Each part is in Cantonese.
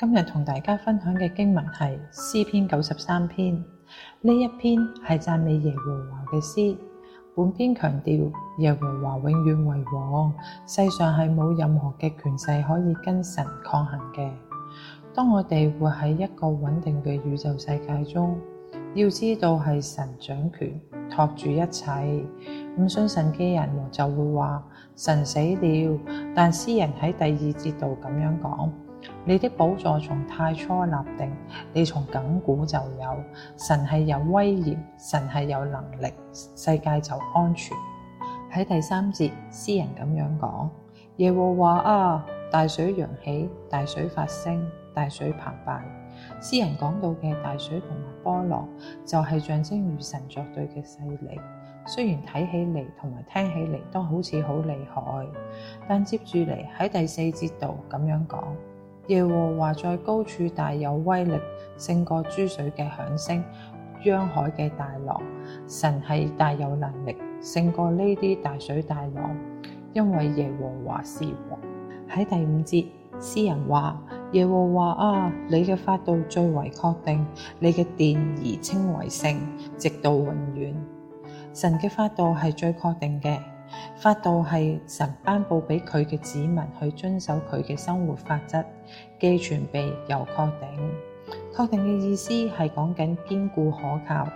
今日同大家分享嘅經文係詩篇九十三篇，呢一篇係讚美耶和華嘅詩。本篇強調耶和華永遠為王，世上係冇任何嘅權勢可以跟神抗衡嘅。當我哋活喺一個穩定嘅宇宙世界中，要知道係神掌權。托住一切，唔信神嘅人就會話神死了。但詩人喺第二節度咁樣講：你的寶座從太初立定，你從亙古就有。神係有威嚴，神係有能力，世界就安全。喺第三節，詩人咁樣講：耶和華啊，大水揚起，大水發聲，大水澎湃。詩人講到嘅大水同埋波浪，就係象徵與神作對嘅勢力。雖然睇起嚟同埋聽起嚟都好似好厲害，但接住嚟喺第四節度咁樣講，耶和華在高處大有威力，勝過諸水嘅響聲、洋海嘅大浪。神係大有能力，勝過呢啲大水大浪，因為耶和華是王。喺第五節，詩人話。耶和華啊，你嘅法度最為確定，你嘅殿而稱為聖，直到永遠。神嘅法度係最確定嘅，法度係神頒布俾佢嘅子民去遵守佢嘅生活法則，既完備又確定。確定嘅意思係講緊堅固可靠。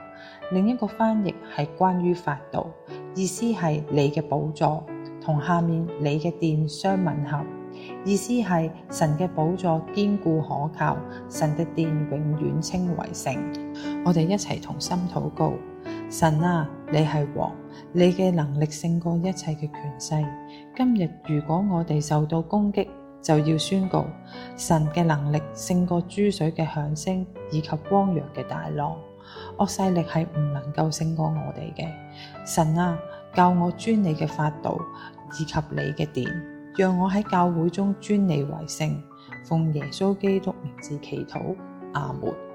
另一個翻譯係關於法度，意思係你嘅寶座同下面你嘅殿相吻合。意思係神嘅寶座堅固可靠，神嘅殿永遠稱為聖。我哋一齊同心禱告：神啊，你係王，你嘅能力勝過一切嘅權勢。今日如果我哋受到攻擊，就要宣告：神嘅能力勝過諸水嘅響聲以及汪洋嘅大浪。惡勢力係唔能夠勝過我哋嘅。神啊，教我尊你嘅法度以及你嘅殿。讓我喺教會中尊你為聖，奉耶穌基督名字祈禱，阿門。